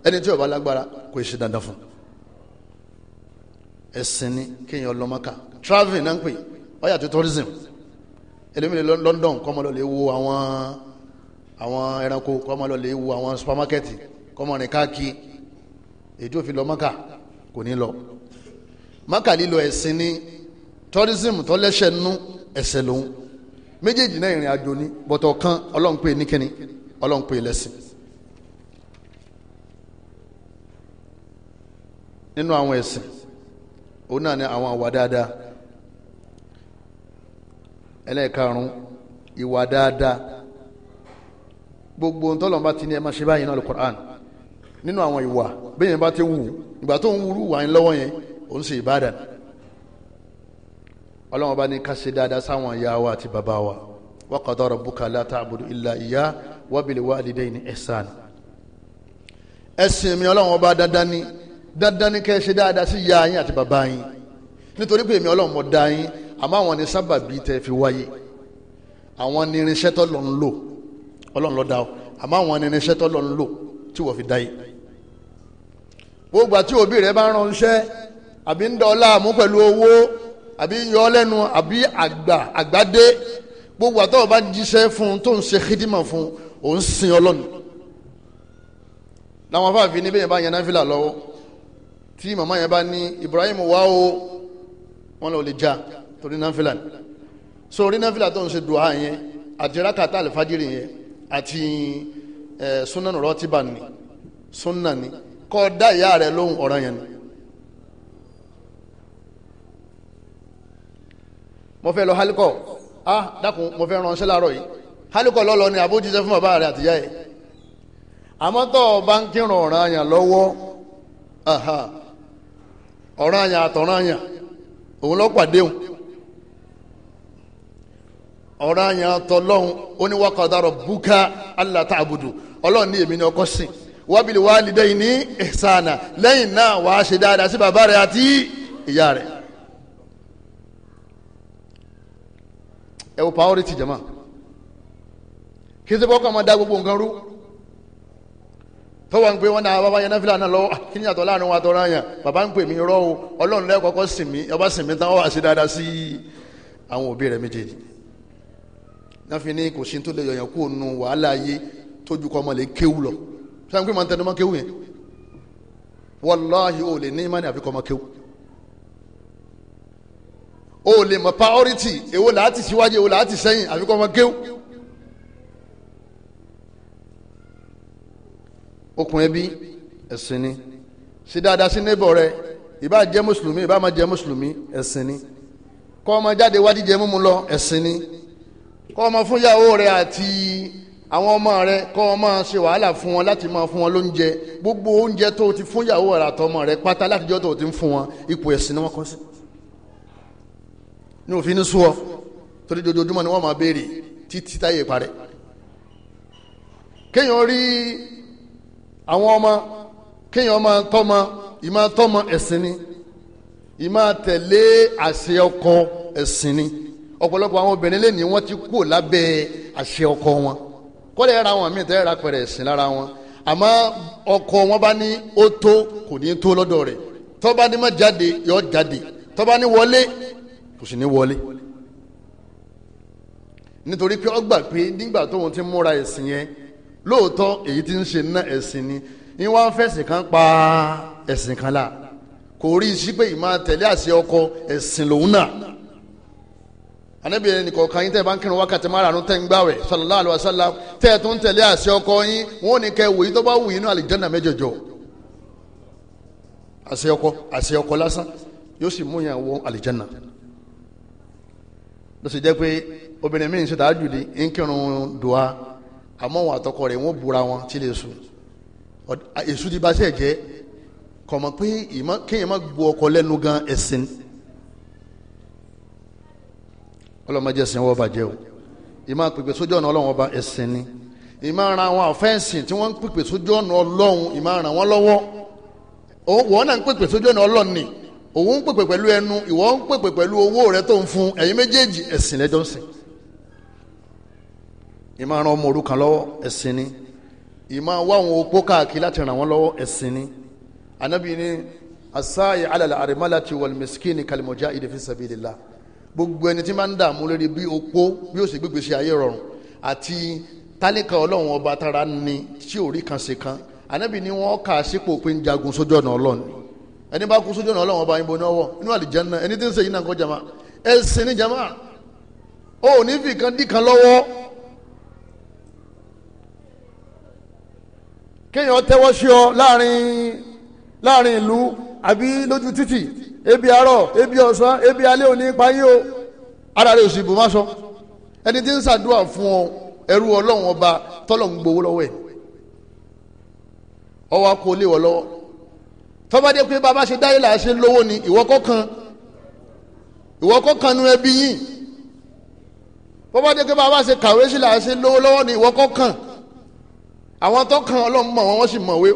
ẹni tí ó bá lágbára kò ṣe dandan fún ẹ̀sìn ni kéèyàn lọ travelling náà ń pè ó yàtọ̀ tourism ẹlẹ́mìí London kọ́mọlọ́lẹ̀ wo àwọn àwọn ẹranko kọ́ máa lọ lè wo àwọn supamakẹ́tì kọ́ máa rìn káàkiri èyí tó fi lọ maka kò ní lọ maka lílọ ẹ̀sìn ní tourism tó lẹ́sẹ̀ nú ẹ̀sẹ̀ lòun méjèèjì náà ìrìn àjò ní bọ̀tọ̀ kan ọlọ́run pè ní lẹ́sìn. nínú àwọn ẹ̀sìn òun náà ni àwọn àwà dáadáa ẹlẹ́ẹ̀karùn-ún ìwà dáadáa gbogbo ntọ́lọ́n bá ti ní ẹ máa ṣe báyìí nínú alukur'an nínú àwọn ìwà bẹ́ẹ̀ yẹn bá ti wù ìgbà tó ń wúrú wà ń lọ́wọ́ yẹn òun ṣe ìbádà ọlọ́wọ́n bá ní ká ṣe dáadáa sáwọn ìyá wa àti bàbá wa wa qada rabbuka la ta'budu illa iya wa bil walidayni ihsan ẹ̀sìn mi ọlọ́wọ́n dandan ni dandan ni kẹ́ ṣe dáadáa sí ìyá yín àti bàbá yín nítorí pé èmi ọlọ́wọ́n yín àmọ́ àwọn ni sábàbí tẹ́ fi wáyé àwọn ni irinṣẹ́ tó lọ́n lò ọlọ́run ló dá ọ àmọ́ àwọn irinṣẹ́ tó lọ́n lò tí wọ́n fi dá yìí. gbogbo àti òbí rẹ bá ń ránṣẹ́ àbí ń dá ọ láàmú pẹ̀lú owó àbí yọ ọ lẹ́nu àbí àgbà àgbàdé gbogbo àtọ́wọ́ bá jíṣẹ́ fún un tó ń ṣe kídìmọ̀ fún un òun sin ọlọ́run. làwọn afáàfin níbẹ̀ yẹn bá yẹn náfìlà lọ́wọ́ tí màmá yẹn bá ní Ibrahim wá o wọn lọ lè já torí náfìlà so orí náfìlà tó ń ṣe dùhà àti sunan rọtíbà ni sunan ni kọ́ dá ìyá lóhùn ọ̀ràn yẹn ni. mo fẹ́ lọ halikọ dákun mo fẹ́ ránṣẹ́ láàárọ̀ yìí halikọ lọ́lọ́ ni fún bàbá àtìyá yìí àmọ́ lọ́wọ́ ọ̀ràn àtọ̀ràn ọ̀rọ̀ àyàn tọ́lọ́hún oníwàkọ̀dárọ̀ búkà allah ta'abudu ọlọ́run ní èmi ni ọkọ sìn wábìlì wà lídẹ́ yìí ní ìsànà lẹ́yìn náà wàá ṣe dáadáa sí bàbá rẹ̀ àti ìyá rẹ̀. ẹ wo priority jama kí ṣe bọ́kọ̀ máa da gbogbo nǹkan rú tọ́wọ́n pé wọ́n náà bàbá yẹn náà fìlà náà lọ́wọ́ kí ni àtọ̀ láàrin wa tọ́ra yẹn bàbá ń pè mí rọ́ o ọlọ́run lẹ́kọ̀ọ́kọ́ sìn mí ọba sìn mí tán wàá ṣe dáadáa sí àwọn òbí rẹ̀ méjèèjì náà fi ní kò sí tó lè yọ̀yàn kó nu wàhálà ayé tójú kọ́ ọmọ lè kéwù lọ sáà ń pè máa ń ma kéwù yẹn wàláhì o lè ní ìmánì àfikọ́ ọmọ kéwù o lè mọ priority èwo làá ti síwájú èwo làá ti sẹ́yìn àfikọ́ ọmọ kéwù. okùn ẹbí ẹ̀sìn ni ṣe dáadáa sí neighbor rẹ ìbá jẹ́ mùsùlùmí ìbá má jẹ́ mùsùlùmí ẹ̀sìn ni kọ́ ọmọ jáde wájú jẹ́ mímu lọ ẹ̀sìn ni kọ́ ọmọ fún ìyàwó rẹ àti àwọn ọmọ rẹ kọ́ ọmọ ṣe wàhálà fún wọn láti máa fún wọn lóúnjẹ gbogbo oúnjẹ tó ti fún ìyàwó rẹ àtọmọ rẹ pátá látijọ́ tó ti ń fún wọn ipò ẹ̀sìn ni wọ́n kọ́ sí ní òfin ní sùọ́ torí dojoojúmọ́ ni wọ́n máa béèrè títí táyé parẹ́ kéèyàn rí àwọn ọmọ kéèyàn máa tọ́mọ ìmáa tọ́mọ ẹ̀sìn ni ìmáa tẹ̀lé àṣẹ ẹ̀sìn ni ọ̀pọ̀lọpọ̀ àwọn obìnrin lè ní wọ́n ti kú lábẹ́ àṣẹ ọkọ wọn kọ́lẹ̀ ra wọn míì tẹ́ ra pẹ̀rẹ̀ ẹ̀sìn lára wọn àmọ́ ọkọ wọn bá ní ó tó kò ní tó lọ́dọ̀ rẹ̀ tó bá ní má jáde yọ jáde tó bá ní wọlé kò sì ní wọlé nítorí pé ó gbà pé nígbà tóun ti múra ẹ̀sìn yẹn lóòótọ́ èyí tí ń ṣe ná ẹ̀sìn ni ni wọ́n fẹ̀sìn kan pa ẹ̀sìn kan la kò rí i sí pé ìmọ̀ tẹ̀lé àṣẹ ọkọ ẹ̀sìn lòun náà anabi ẹni kọ̀ọ̀kan yín tẹ́ ẹ bá ń kírun wákàtí márùn-ún tẹ́ ń gbàwẹ̀ sallallahu alaihi wasallam tẹ́ ẹ tó ń tẹ̀lé àṣẹ ọkọ yín wọn ò ní kẹ́ wòye tó bá wù yín ní àlìjánnà mẹ́jọ̀jọ̀ àṣẹ ọkọ àṣẹ ọkọ lásán yóò sì mú yàn wọ àlìjánnà ló sì jẹ́ pé obìnrin mi ń ṣe tààjù ní ń kírun dùá àmọ́ wọn àtọkọ rẹ̀ wọ́n bura wọn tí lè sùn èṣù ti bá sẹ́ẹ̀ jẹ́ kọ̀mọ̀ pé kéèyàn má gbọ́ ọkọ lẹ́nu gan ẹ̀sìn ọlọ́mọdé ẹ̀sìn wọ́n bàjẹ́ o ìmọ̀ pèpè sójú ọ̀nà ọlọ́run ọba ẹ̀sìn ni ìmọ̀ ara àwọn àfẹ́ǹsì tí wọ́n ń pèpè sójú ọ̀nà ọlọ́run ìmọ̀ ara wọn lọ́wọ́ wọ́n náà ń pèpè sójú ọ̀nà ọlọ́run ni òun ń pèpè pẹ̀lú ẹnu ìwọ ń pèpè pẹ̀lú owó rẹ tó ń fún ẹ̀yin méjèèjì ẹ̀sìn lẹ́jọ́ sìn ìmọ̀ ara ọmọ òrukàn lọ́wọ́ ẹ̀sìn ni ìmọ̀ wá àwọn opó káàkiri láti ràn wọ́n lọ́wọ́ ẹ̀sìn ni anábìíní asáyé alàlà àrèmálàtì wàlmẹ̀síkì ní kalimọ̀já ìdẹ́fẹ́sàbílẹ̀ láà gbogbo ẹni tí máa ń dààmú lórí bí opó bí ó sì gbégbé sí ayé rọrùn àti tálíkà ọlọ́run ọba tara ni tí ò rí kan ṣe kan ànábì ni wọ́n kà á sípò pé jagun sójú ọ̀nà ọlọ́run ẹni bá kú sójú ọ̀nà ọlọ́run ọba yín bo ní ọwọ́ inú àlìjánnà ẹni tí ń ṣe yín náà kọ́ jama ẹ sin ní jama ó ní fi kan dí kan lọ́wọ́ kéèyàn tẹ́wọ́ sí ọ láàrin láàrin ìlú àbí lójú títì ebi àárọ̀ ebi ọ̀sán ebi alẹ́ òní payé o ara rẹ̀ òsì ibùmá sọ ẹni tí ń ṣàdúrà fún ọ ẹrú ọlọ́run ọba tọ́lọ̀ ń gbowó lọ́wọ́ ẹ̀ ọwọ́ akó lé wọ lọ́wọ́ tọ́badé pé bàbá ṣe dáyé là á ṣe lówó ni ìwọ kọ́kan ìwọ kọ́kan nu ẹbí yìí tọ́badé pé bàbá ṣe kàwé sí là á ṣe lówó lọ́wọ́ ni ìwọ kọ́kan àwọn tó kan ọlọ́run mọ̀ wọ́n sì mọ̀wé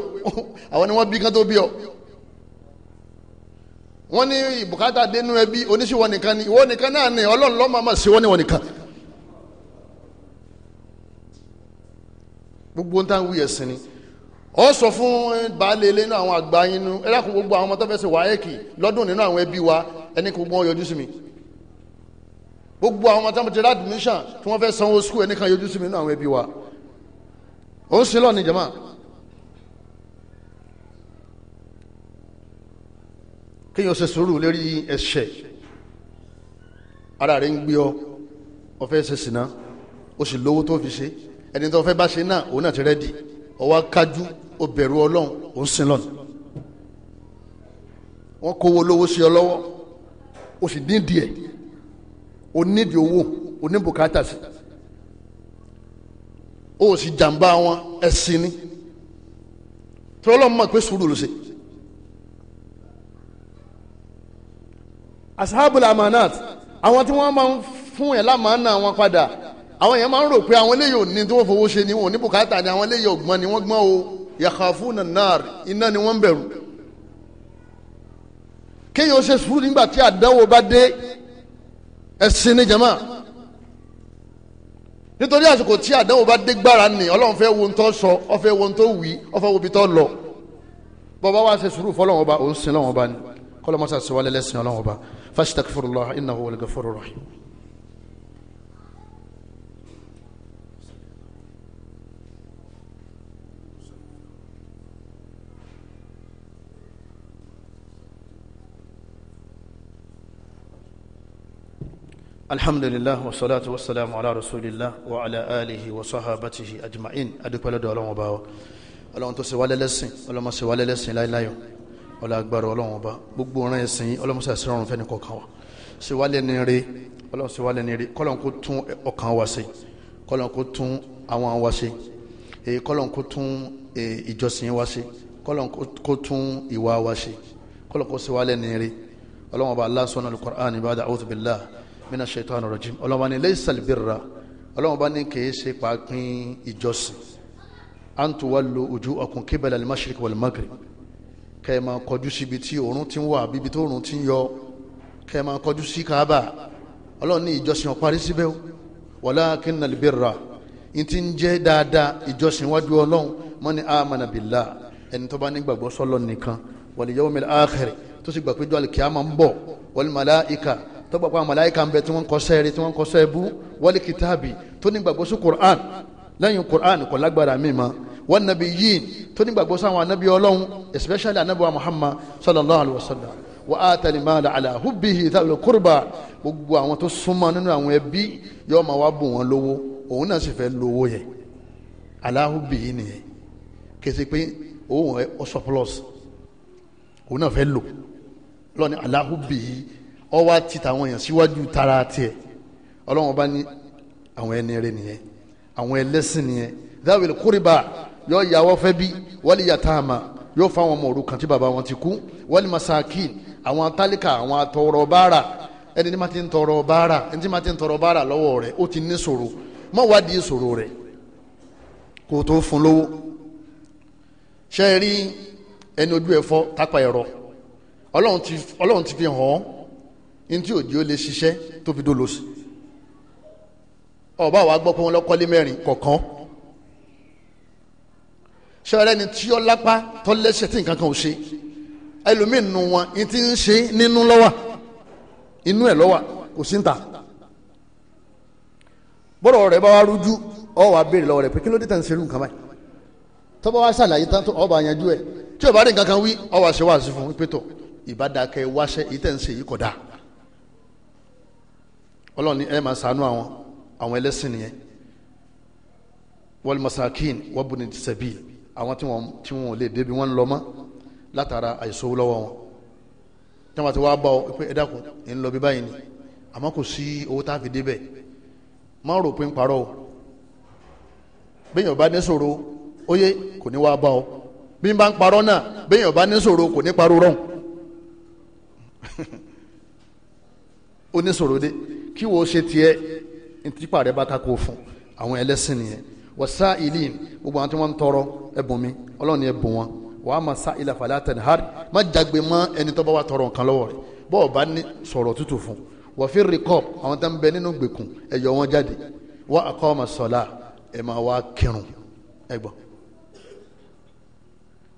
àwọn ni wọ́n bí kán tó bí ọ wọ́n ní bùkátà dénú ẹbí oníṣìwọ́ nìkan ni ìwọ nìkan náà ni ọlọ́run lọ́ọ́ máa ma ṣe wọ́n ní wọ́n nìkan. gbogbo ń tán wí ẹ̀sìn ni ọ sọ fún baálé ilé inú àwọn àgbà yín ẹ dákun gbogbo àwọn ọmọ tó fẹ́ ṣe wáyéèkì lọ́dún nínú àwọn ẹbí wa ẹni kò gbọ́n yọjú sí mi gbogbo àwọn ọmọ tí wọn ti rà admission tí wọn fẹ́ sanwó school ẹnìkan yọjú sí mi nínú àwọn ẹbí wa ó ń sin lọ́ọ̀ ní jama kéèyàn ṣe sùúrù lérí ẹ̀ṣẹ̀ ara rẹ̀ ń gbé ọ ọ fẹ́ ṣe sìnà o sì lówó tó fi ṣe ẹni tó fẹ́ bá ṣe náà òun náà ti rẹ́dì ọwọ́ akájú o bẹ̀rù ọlọ́run o ń sin lọ́nà wọ́n kówó lówó sí ọ lọ́wọ́ o sì nídìí ẹ̀ o nídìí owó o ní bùkátà sí o sì jàǹbá wọn ẹ̀sìn ni tí ọlọ́run mọ̀ pé sùúrù ló ṣe. asahabul amanat àwọn tí wọ́n máa ń fún ẹ̀ lámàánà wọn padà àwọn yẹn máa ń rò pé àwọn eléyìí ò ní tí wọ́n fowó ṣe ni wọn ò ní bùkátà ni àwọn eléyìí ọ̀gbọ́n ni wọ́n gbọ́n o yakhafuna nar iná ni wọ́n ń kéèyàn ṣe sùúrù nígbà tí àdánwò bá dé ẹ̀sìn ni jama nítorí àsìkò tí àdánwò bá dé gbára ni ọlọ́run fẹ́ wo tó sọ ó fẹ́ wo tó wí ó fẹ́ wo bí tó lọ bọ́ba wá ṣe sùúrù fọlọ́wọ́n òun sin lọ́wọ́n ni kọ́lọ́mọ́sá sọ wálé lẹ́sìn ọlọ́wọ́n الله innahu هو الغفور الرحيم الحمد لله والصلاة والسلام على رسول الله وعلى آله وصحابته أجمعين أدوك ولد ولو مباوة ولو أنتو سوالي لسين ولو ما سوالي لسين لا إلا يوم ọlá agbára ọlọ́run ọba gbogbo ọ̀ràn ẹ̀sìn ọlọ́mọṣẹ́ ìṣẹ́rọ̀rùn fẹ́ni kọ̀ọ̀kan wa ṣe wá lẹ́ni rí ọlọ́run ṣe wá lẹ́ni rí kọ́lọ́n kó tún ọkàn wa ṣe kọ́lọ́n kó tún àwọn wa ṣe kọ́lọ́n kó tún e, ìjọsìn wa ṣe kọ́lọ́n kó tún ìwà wa ṣe kọ́lọ́n kó ṣe wá lẹ́ni rí ọlọ́run ọba Allah sọ́nà al-Qur'an ibada a'udhu mina shaitan rajim kẹ́ ẹ máa kọjú síbi tí òórùn ti ń wà bíbi tó òórùn ti ń yọ kẹ́ ẹ máa kọjú sí kaaba ọlọ́run ní ìjọsìn ọ̀parí síbẹ̀ o walakin albirra n ti ń jẹ́ dáadáa ìjọsìn wájú ọlọ́run mọ́ ni amana billah ẹni tó bá nígbàgbọ́ sọ́lọ́ nìkan wal yawmil akhir tó sì gbà pé jọ́ àlùkìyámà ń bọ̀ wal malaika tó gbà àwọn màláìka ń bẹ tí wọ́n ń kọ́sẹ́ tí wọ́n ń kọ́sẹ́ ẹbú wal kitabi tó nígbàgbọ́ sí Qur'an lẹ́yìn Qur'an kò lágbára mi mọ́ wọn nàbí yìí tó ní gbàgbọ́ sáwọn anábì ọlọ́run especially anábì wa muhammad sallallahu alayhi wa sallam wa atali maala ala hubbihi tàbí kurba gbogbo àwọn tó súnmọ́ nínú àwọn ẹbí yóò máa wá bù wọn lówó òun náà sì fẹ́ lówó yẹ ala hubbihi nìyẹn kèsì pé òun ẹ ọsọ plus òun náà fẹ́ lò lọ́ni ala hubbihi ọwọ́ àti tàwọn èèyàn síwájú tara tiẹ̀ ọlọ́run ọba ní àwọn ẹni rẹ nìyẹn àwọn ẹlẹ́sìn nìyẹn dáwìlì kúrìbà yóò yàwọ́ fẹ́ bí wọ́lì yàtàmà yóò fa àwọn ọmọ òrukàn tí bàbá wọn ti kú wọ́lì masakin àwọn tálíkà àwọn atọrọ báárà ẹni tí ma ti ń tọrọ báárà ẹni tí ma ti ń tọrọ báárà lọ́wọ́ rẹ̀ ó ti ní ṣòro mọ́ wádìí ìṣòro rẹ̀ kó tó fún lówó ṣe é rí ẹni ojú ẹ̀ tápá ẹ̀rọ ọlọ́run ti fi hàn án ní tí òjì ó lè ṣiṣẹ́ tó fi dó lọ sí ọba wa gbọ́ pé wọ́n lọ́kọ́lé mẹ́rin kọ̀ọ̀kan sọ̀rọ̀ ẹni tí ó lápá tó lẹ́sẹ̀ tí nǹkan kan ò ṣe ẹlòmíín nu wọn ní ti ń ṣe nínú lọ́wọ́ inú ẹ̀ lọ́wọ́ kò sí ń ta bọ́dọ̀ rẹ̀ bá wá rújú ọ wà béèrè lọ́wọ́ rẹ̀ pé kí ló dé tẹ̀ ń ṣerú nǹkan báyìí tọ́ba wá ṣàlàyé tán tó ọba yanjú ẹ̀ tí ò bá rí nǹkan kan wí ọ wà ṣe wá sí fún pétọ̀ ìbádàkẹ́ wáṣẹ́ èyí tẹ̀ ń ṣe yìí kọ̀ dáa ọlọ́run ni ẹ máa ṣàánú àwọn àwọn ẹlẹ́sìn nìyẹn wal masakin wabuni sabil àwọn tí wọn tí wọn lè débi wọn lọ mọ látara àìsówó lọ́wọ́ wọn tí wọn ti wá bá ọ pé ẹ dákun ẹ ń lọ bí báyìí ni àmọ́ kò sí owó tá a fi débẹ̀ má rò pé ń parọ́ o béèyàn bá ní ṣòro ó yé kò ní wá bá ọ bí n bá ń parọ́ náà béèyàn bá ní ṣòro kò ní parọ́ rọ̀hún oníṣòro dé kí wo ṣe tiẹ̀ ntí pàrẹ bá ta fún àwọn ẹlẹ́sìn nìyẹn wasailin gbogbo àwọn tí wọ́n ń tọrọ ẹ̀bùn mi ọlọ́run ni ẹ̀bùn wọn wà á ma sa ilà fàlẹ́ àtẹnihari má jagbe mọ́ ẹni tó bá wà tọrọ nǹkan lọ́wọ́ rẹ̀ bọ́ọ̀ bá ní sọ̀rọ̀ tútù fún wà fi rìkọ́ àwọn tó ń bẹ nínú gbèkùn ẹ̀yọ̀ wọn jáde wà á kọ́ ọmọ sọ̀lá ẹ̀ máa wá kírun ẹ̀gbọ́n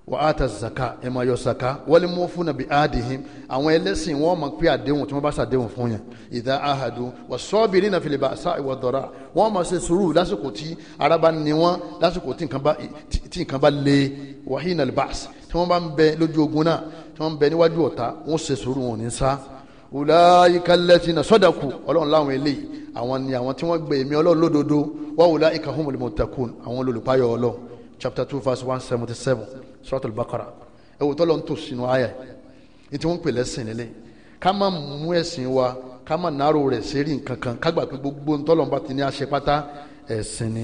wọ́n á ta zaka ẹ̀ máa yọ zaka wọ́n mú fún nàbí àdìhìn àwọn ẹlẹ́sìn wọ́n máa pé àdéhùn tí wọ́n bá ṣàdéhùn fún yẹn ìdá ahadu wọ́n sọ́ọ̀bì nínú àfìlẹ̀bà sa ìwà dọ̀ra wọ́n máa ṣe sùúrù lásìkò tí ara bá ní wọ́n lásìkò tí nǹkan bá lé wàhíì nàlbàs tí wọ́n bá ń bẹ lójú ogun náà tí wọ́n ń bẹ níwájú ọ̀tá wọ́n ṣe sùúrù wọn ní sá wùláyíká lẹ́tìnà sọ́dàkù ọlọ́run láwọn eléyìí àwọn ni àwọn tí wọ́n gbé èmi ọlọ́run lódodo wọ́n wùláyíká humul àwọn olùpáyọ̀ ọlọ́run chapter two verse one seventy seven suratul Baqara ẹ wò tọ́lọ́ ń tò sínú àyà yìí tí wọ́n ń pè lẹ́sìn nílé ká má mú ẹ̀sìn wa ká má nàárò rẹ̀ sẹ́rí nǹkan kan ká gbà pé gbogbo ntọ́lọ́ bá ti ní àṣẹ pátá ẹ̀sìn ni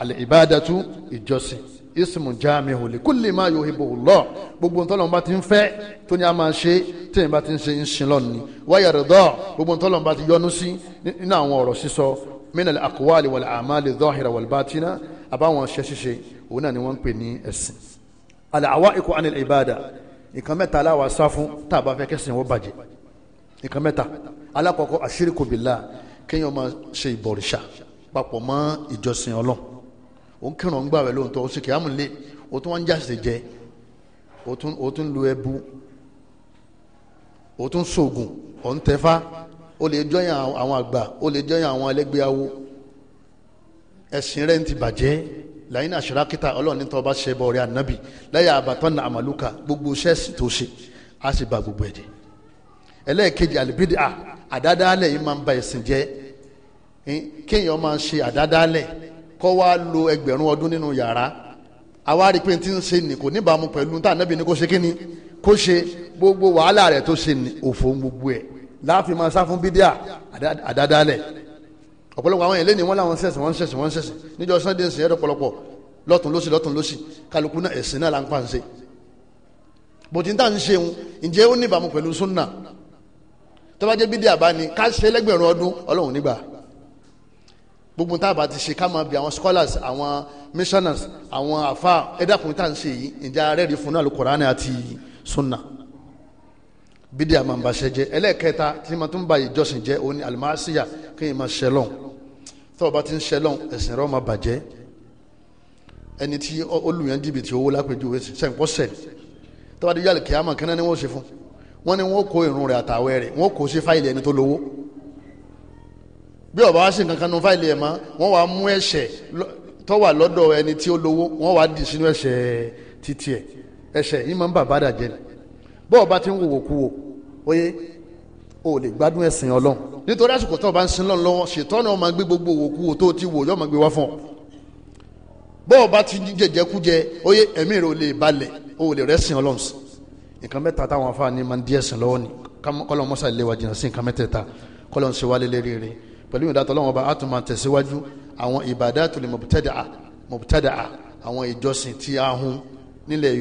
àlẹ́ ìbádàtú ìjọsìn ismu jamiu li kulli ma yuhibbu Allah gbogbo ntọ́lọ́n bá ti ń fẹ́ a máa ṣe téèyàn bá ti ń ń sin lọ́nù ni wáyà rẹ̀ gbogbo ntọ́lọ́n bá ti yọnu sí nínú àwọn ọ̀rọ̀ sísọ minal aqwali wal a'mali dhahira wal batina àbáwọn ṣẹ́ ṣíṣe òun náà ni wọ́n ń pè ní al-awaiqu anil ibada nǹkan mẹ́ta aláwa sá fún tá a bá fẹ́ kẹ́sìn wọ́n bàjẹ́ nǹkan mẹ́ta alákọ̀ọ́kọ́ ashiriku billah kéèyàn máa ṣe ìbọ̀rìṣà papọ̀ mọ́ ìjọsìn ọlọ́run òun kírun gbà rẹ̀ lóòótọ́ oṣù kìámù lé o tún wọn jáde jẹ o tún lu ẹbu o tún sògùn ọ̀ ń tẹ̀fá o lè jọyàn àwọn àgbà o lè jọyàn àwọn ẹlẹ́gbẹ́ awo ẹ̀sìn rẹ̀ ń ti bàjẹ́ lẹ́yìn àṣírákítà ọlọ́run ní tọ́ba ṣe bọ̀ ọ̀rẹ́ ànábì lẹ́yìn àbàtàn náà àmàlùkà gbogbo ṣẹ́ẹ̀sì tó ṣe á sì ba gbogbo ẹ̀jẹ̀ ẹlẹ́ẹ̀kejì àlùbídì à àdádálẹ̀ yìí máa ń ba ẹ̀sìn jẹ́ kéèyàn máa ń ṣe àdádálẹ̀ kọ́ wá lo ẹgbẹ̀rún ọdún nínú yàrá àwa rí pé tí ń ṣe nì níbàámu pẹ̀lú tá ànábì ní kó ṣe kíni kó ṣe gbogbo wàhálà rẹ̀ tó ṣe òfò gbogbo ẹ̀ láàfin máa sá fún bídíà àdádálẹ̀ ọ̀pọ̀lọpọ̀ àwọn ẹ̀lẹ́ni wọn làwọn sẹ̀sìn wọn sẹ̀sìn wọn sẹ̀sìn níjọ sunday ń sìn ẹ̀rọ pọ̀lọpọ̀ lọ́tún lọ́sì lọ́tún lọ́sì kálukú náà ẹ̀sìn náà là ń pa ń ṣe bòtí tá à ń ṣe ń ǹjẹ́ ó níbàámu pẹ̀lú sunna tó bá jẹ́ bídí àbá ni ká ṣe lẹ́gbẹ̀rún ọdún ọlọ́run nígbà gbogbo tá a bá ti ṣe ká máa bi àwọn scholars àwọn missioners àwọn afa ẹ̀dàkùn tá à ń ṣe yìí ǹjẹ́ arẹ́rìí fún sunna bídí àmàǹbàṣẹ jẹ ẹlẹ́ẹ̀kẹta tí ma tún ba ìjọsìn jẹ òun ni alimasiya kéèyàn máa ṣẹlọ́n tó o bá ti ń ṣẹlọ́n ẹ̀sìn rẹ̀ ọmọ bàjẹ́ ẹni tí olùyẹn jìbìtì owó lápèjúwe sẹ́ǹkọ́ sẹ́ni tó bá yàrá kìámà kí ni wọ́n ṣe fún wọ́n ní wọ́n kó irun rẹ̀ àtàwẹ̀ rẹ̀ wọ́n kó sí fáìlì ẹni tó lówó bí ọba wá sí nǹkan kan nu fáìlì ẹ̀ mọ́ wọ́n wá mú ẹ̀ṣẹ̀ tó wà lọ́dọ̀ ẹni tí ó lówó wọ́n wá dì sínú ẹ̀ṣẹ̀ títí ẹ̀ ẹ̀ṣẹ̀ yìí máa ń bàbá dà jẹ́ ni ti ń wòwò kú ó yé o lè gbádùn ẹ̀sìn ọlọ́run nítorí àsìkò tó o bá ń sin lọ́n lọ́wọ́ ṣètọ́nà ọmọ gbé gbogbo òkú o tó o ti wò yọ́ ọmọ gbé wá fún ọ bọ́ ọ bá ti jẹjẹkújẹ ó yẹ ẹ̀mí rẹ ò lè balẹ̀ o ò lè rẹ́sìn ọlọ́run sí nǹkan mẹ́ta táwọn afáàní máa ń di ẹ̀sìn lọ́wọ́ ni kọ́lọ́ mọ́sá ilé wa jìnnà sí nǹkan mẹ́tẹ̀ẹ̀ta kọ́lọ́ ń ṣe wálé lérí rẹ pẹ̀lú ìdátọ́ ọlọ́run ọba á tún máa tẹ̀síwájú àwọn ìbàdàtul mubtada'a mubtada'a àwọn ìjọsìn tí a hun nílẹ̀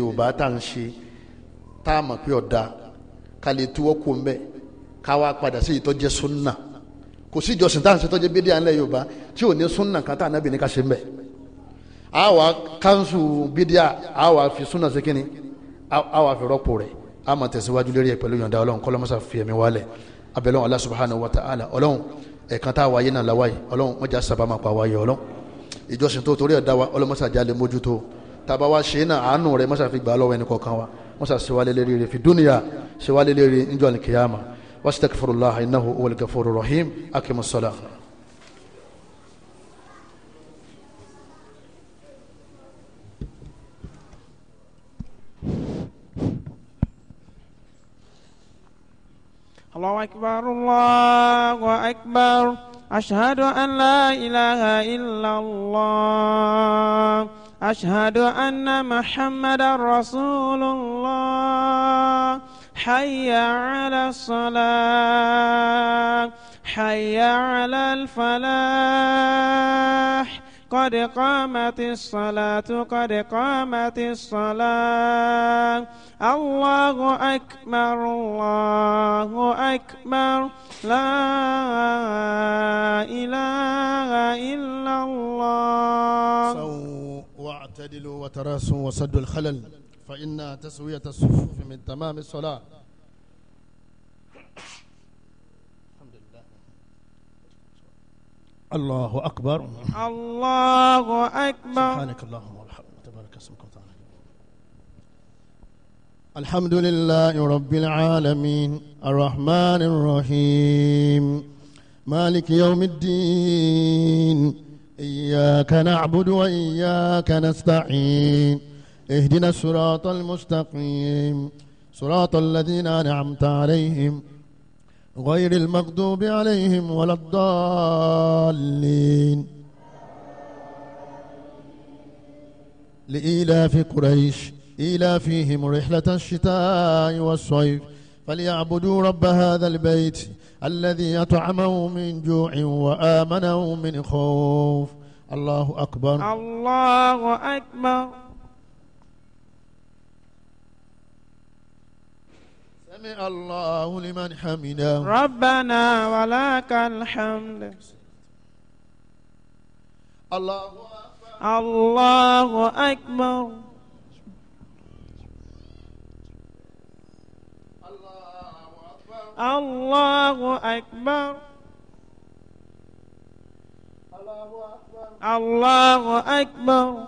káwa padà sí ìtọ́jẹ́ súnà kò sí ìjọsìn tá à ń ṣètọ́jẹ́ bídíà ńlẹ̀ yorùbá tí ò ní súnà kan tá à nábì ní ká ṣe mbẹ̀ a wà kánṣu bídíà a wà fi súnà sí kínní a wà fi rọ́pò rẹ̀ a máa tẹ̀síwájú lérí ẹ̀ pẹ̀lú yọ̀ǹda ọlọ́run kọ́lọ́mọ́sá fi ẹ̀mí wálẹ̀ abẹ́lẹ́ Allah subhanahu wa ta'ala ọlọ́run ẹ̀kan tá a wáyé náà láwáyé ọlọ́run mọ́jà sábà máa pa wáyé ọlọ́run ìjọsìn tó torí ẹ̀dá wa ọlọ́mọ́sá jalè mójútó tàbá wa ṣe náà àánú rẹ̀ mọ́sá fi gbà lọ́wọ́ ẹnì kọ̀ọ̀kan wa mọ́sá ṣe wálé lérí rẹ̀ fi dúnìyà ṣe wálé lérí níjọ́ àlùkìyàmá واستغفر الله إنه هو الغفور الرحيم أقم الصلاة الله أكبر الله أكبر أشهد أن لا إله إلا الله أشهد أن محمد رسول الله حي على الصلاة حي على الفلاح قد قامت الصلاة قد قامت الصلاة الله أكبر الله أكبر لا إله إلا الله سووا واعتدلوا وتراسوا وسدوا الخلل فإن تسوية الصفوف من تمام الصلاة الله أكبر الله أكبر سبحانك اللهم وبحمدك تبارك اسمك وتعالى الحمد لله رب العالمين الرحمن الرحيم مالك يوم الدين إياك نعبد وإياك نستعين اهدنا الصراط المستقيم صراط الذين أنعمت عليهم غير المغضوب عليهم ولا الضالين لإيلاف قريش إيلافهم رحلة الشتاء والصيف فليعبدوا رب هذا البيت الذي أطعمه من جوع وآمنه من خوف الله أكبر الله أكبر سمع الله لمن حمده ربنا ولك الحمد الله أكبر الله أكبر الله أكبر الله أكبر الله أكبر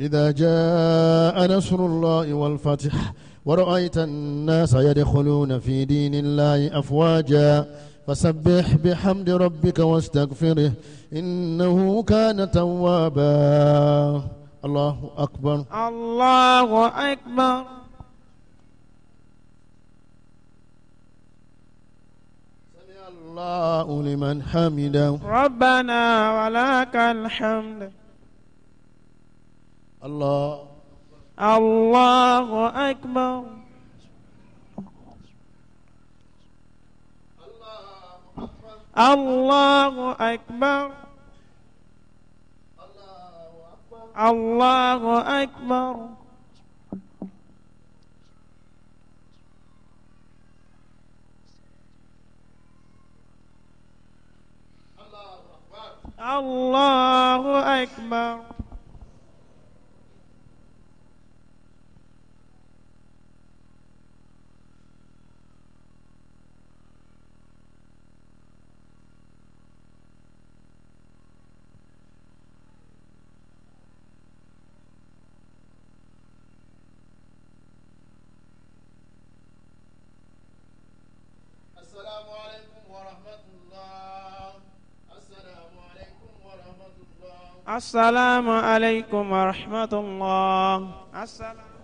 إذا جاء نصر الله والفتح ورأيت الناس يدخلون في دين الله أفواجا فسبح بحمد ربك واستغفره إنه كان توابا الله أكبر الله أكبر سمع الله لمن حمده ربنا ولك الحمد الله الله أكبر الله أكبر الله أكبر الله أكبر السلام عليكم ورحمة الله السلام